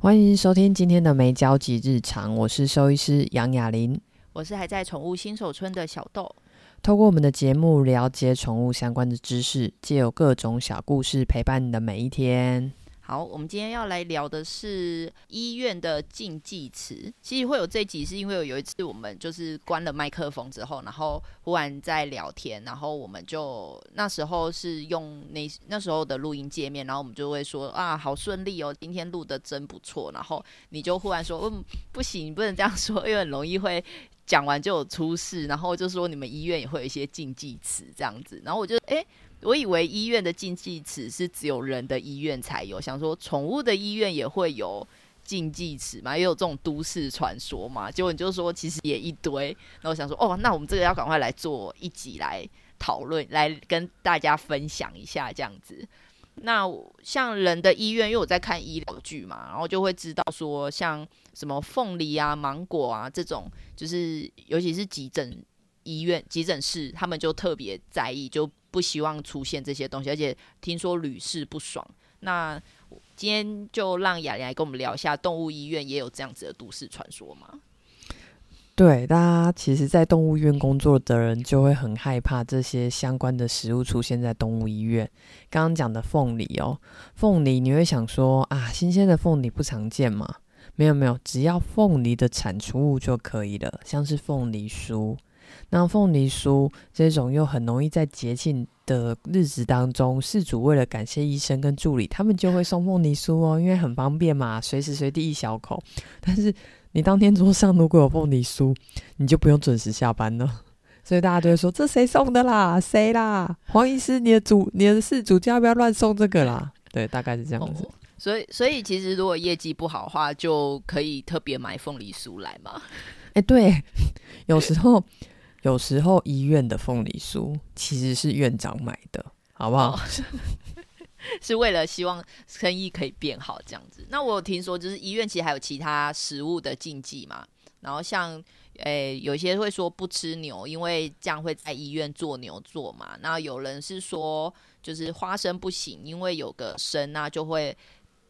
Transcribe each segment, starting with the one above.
歡迎收聽今天的《沒交集日常》，我是獸醫師楊雅琳，我是還在寵物新手村的小豆。透過我們的節目了解寵物相關的知識，借由各種小故事陪伴你的每一天。好，我們今天要來聊的是醫院的禁忌詞。其實會有這集，是因為有一次我們就是關了麥克風之後，然後忽然在聊天，然後我們就那時候是用那那時候的錄音界面，然後我們就會說啊，好順利哦，今天錄得真不錯。然後你就忽然說，嗯，不行，你不能這樣說，因為很容易會講完就有出事。然後就說你們醫院也會有一些禁忌詞這樣子。然後我就、欸我以為醫院的禁忌詞是只有人的醫院才有，想說寵物的醫院也會有禁忌詞嘛，也有這種都市傳說嘛。結果你就說其實也一堆，然後想說哦，那我們這個要趕快來做一集來討論，來跟大家分享一下這樣子。那像人的醫院，因為我在看醫療劇嘛，然後就會知道說，像什麼鳳梨啊、芒果啊這種，就是尤其是急診醫院、急診室，他們就特別在意就。不希望出現這些東西，而且聽說屢試不爽。那今天就讓雅玲來跟我們聊一下，動物醫院也有這樣子的都市傳說嗎？對，大家其實，在動物醫院工作的人就會很害怕這些相關的食物出現在動物醫院。剛剛講的鳳梨哦、喔，鳳梨你會想說啊，新鮮的鳳梨不常見嗎？沒有沒有，只要鳳梨的產出物就可以了，像是鳳梨酥。那鳳梨酥這種又很容易在節慶的日子當中，事主為了感謝醫生跟助理，他們就會送鳳梨酥哦、喔，因為很方便嘛，隨時隨地一小口。但是你當天桌上如果有鳳梨酥，你就不用準時下班了。所以大家都會說： 這誰送的啦？誰啦？黃醫師，你的主，你的事主，要不要亂送這個啦？對，大概是這樣子。哦、所以，所以其實如果業績不好的話，就可以特別買鳳梨酥來嘛。哎、欸，對，有時候。 有時候醫院的鳳梨酥其實是院長買的好不好？Oh, 是為了希望生意可以變好這樣子。那我有聽說，就是醫院其實還有其他食物的禁忌嘛。然後像誒、欸，有些會說不吃牛，因為這樣會在醫院做牛做嘛。那有人是說，就是花生不行，因為有個生啊，就會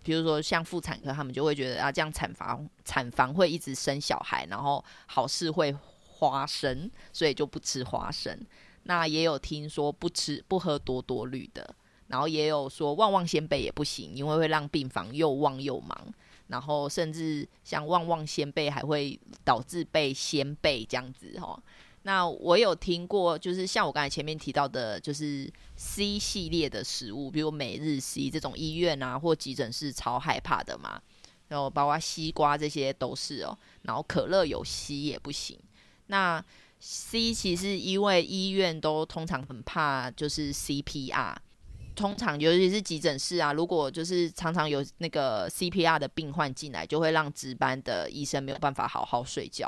比如說像婦產科，他們就會覺得啊，這樣產房產房會一直生小孩，然後好事會花生，所以就不吃花生。那也有聽說不吃不喝多多綠的，然後也有說旺旺仙貝也不行，因為會讓病房又旺又忙。然後甚至像旺旺仙貝還會導致被仙貝這樣子哦。那我有聽過，就是像我剛才前面提到的，就是 C 系列的食物，比如每日 C 這種醫院啊或急診室超害怕的嘛。然後包括西瓜這些都是哦，然後可樂有 C 也不行。那 C 其實因為醫院都通常很怕，就是 CPR，通常尤其是急診室啊，如果就是常常有那個 CPR 的病患進來，就會讓值班的醫生沒有辦法好好睡覺。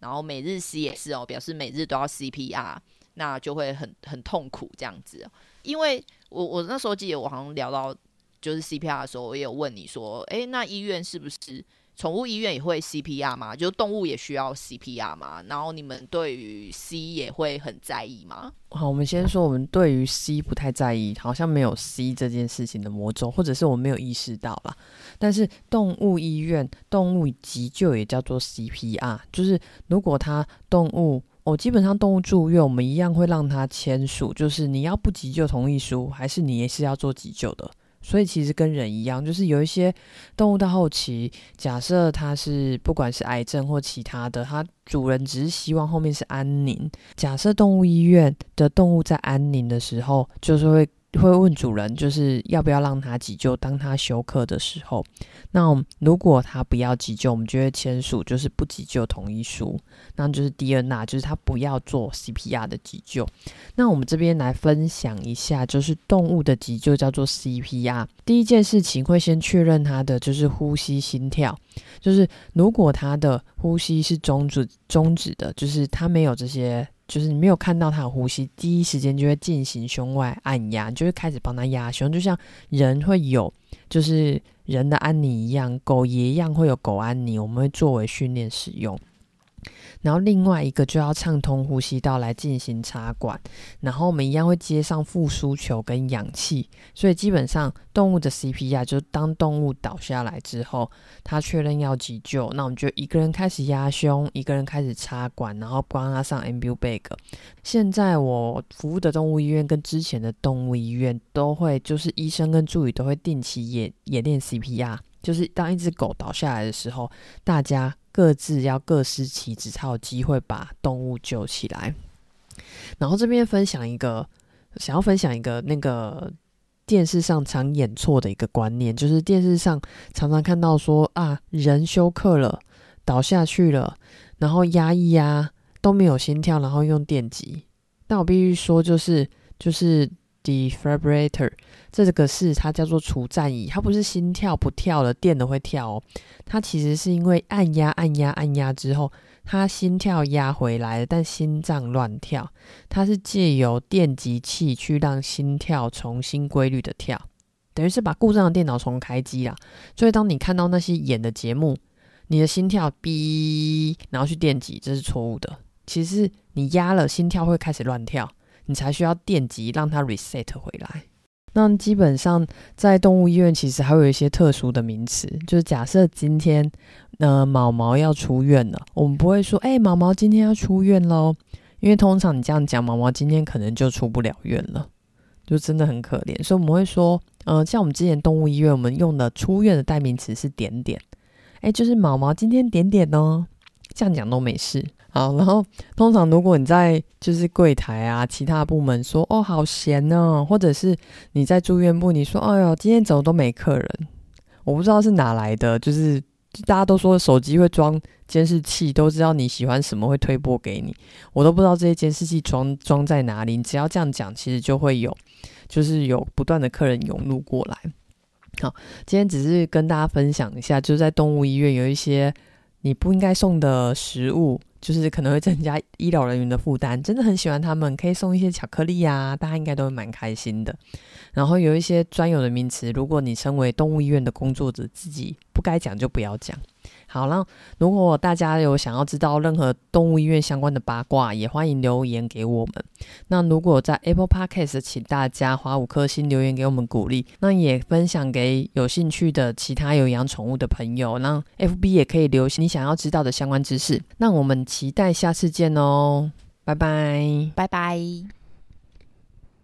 然後每日 C 也是哦，表示每日都要 CPR，那就會很很痛苦這樣子。因為我我那時候記得我好像聊到就是 CPR 的時候，我也有問你說，誒，那醫院是不是？寵物醫院也會 CPR 嗎？就是動物也需要 CPR 嗎？然後你們對於 C 也會很在意嗎？好，我們先說我們對於 C 不太在意，好像沒有 C 這件事情的魔咒，或者是我沒有意識到啦。但是動物醫院動物急救也叫做 CPR，就是如果它動物哦，基本上動物住院我們一樣會讓它簽署，就是你要不急救同意書，還是你也是要做急救的。所以其實跟人一樣，就是有一些動物到後期，假設它是不管是癌症或其他的，它主人只是希望後面是安寧。假設動物醫院的動物在安寧的時候，就是會。會問主人，就是要不要讓他急救。當他休克的時候，那如果他不要急救，我們就會簽署就是不急救同意書，那就是 DNR，就是他不要做 CPR 的急救。那我們這邊來分享一下，就是動物的急救叫做 CPR。第一件事情會先確認他的就是呼吸心跳，就是如果他的呼吸是終止終止的，就是他沒有這些。就是你沒有看到它有呼吸，第一時間就會進行胸外按壓，就會開始幫它壓胸，就像人會有，就是人的安妮一樣，狗也一樣會有狗安妮，我們會作為訓練使用。然後另外一個就要暢通呼吸道來進行插管，然後我們一樣會接上復甦球跟氧氣。所以基本上動物的 CPR 就是當動物倒下來之後，他確認要急救，那我們就一個人開始壓胸，一個人開始插管，然後幫它上 Ambu bag。現在我服務的動物醫院跟之前的動物醫院都會，就是醫生跟助理都會定期演演練 CPR，就是當一隻狗倒下來的時候，大家。各自要各司其職，才有機會把動物救起來。然後這邊分享一個，想要分享一個那個電視上常演錯的一個觀念，就是電視上常常看到說啊，人休克了，倒下去了，然後壓一壓都沒有心跳，然後用電擊。但我必須說，就是，就是就是。defibrillator 這個是它，叫做除顫儀，它不是心跳不跳了，電了會跳哦。它其實是因為按壓、按壓、按壓之後，它心跳壓回來了，但心臟亂跳。它是借由電擊器去讓心跳重新規律的跳，等於是把故障的電腦重開機啦。所以當你看到那些演的節目，你的心跳嗶，然後去電擊，這是錯誤的。其實你壓了，心跳會開始亂跳。你才需要電擊讓它 reset 回來。那基本上在動物醫院其實還有一些特殊的名詞，就是假設今天呃毛毛要出院了，我們不會說，哎、欸，毛毛今天要出院咯。因為通常你這樣講，毛毛今天可能就出不了院了，就真的很可憐。所以我們會說，嗯、呃，像我們之前動物醫院我們用的出院的代名詞是點點，哎、欸，就是毛毛今天點點哦，這樣講都沒事。好，然後通常如果你在就是櫃台啊，其他部門說哦好閒哦、啊，或者是你在住院部你說哎呦今天怎麼都沒客人？我不知道是哪來的，就是大家都說手機會裝監視器，都知道你喜歡什麼會推播給你，我都不知道這些監視器裝裝在哪裡。你只要這樣講，其實就會有就是有不斷的客人湧入過來。好，今天只是跟大家分享一下，就是在動物醫院有一些你不應該送的食物。就是可能會增加醫療人員的負擔，真的很喜歡他們，可以送一些巧克力呀、啊，大家應該都會蠻開心的。然後有一些專有的名詞，如果你身為動物醫院的工作者，自己不該講就不要講。好了，那如果大家有想要知道任何動物醫院相關的八卦，也歡迎留言給我們。那如果在 Apple Podcast，請大家花五顆星留言給我們鼓勵，那也分享給有興趣的其他有養寵物的朋友。那 FB 也可以留你想要知道的相關知識。那我們。期待下次見哦，拜拜。拜拜。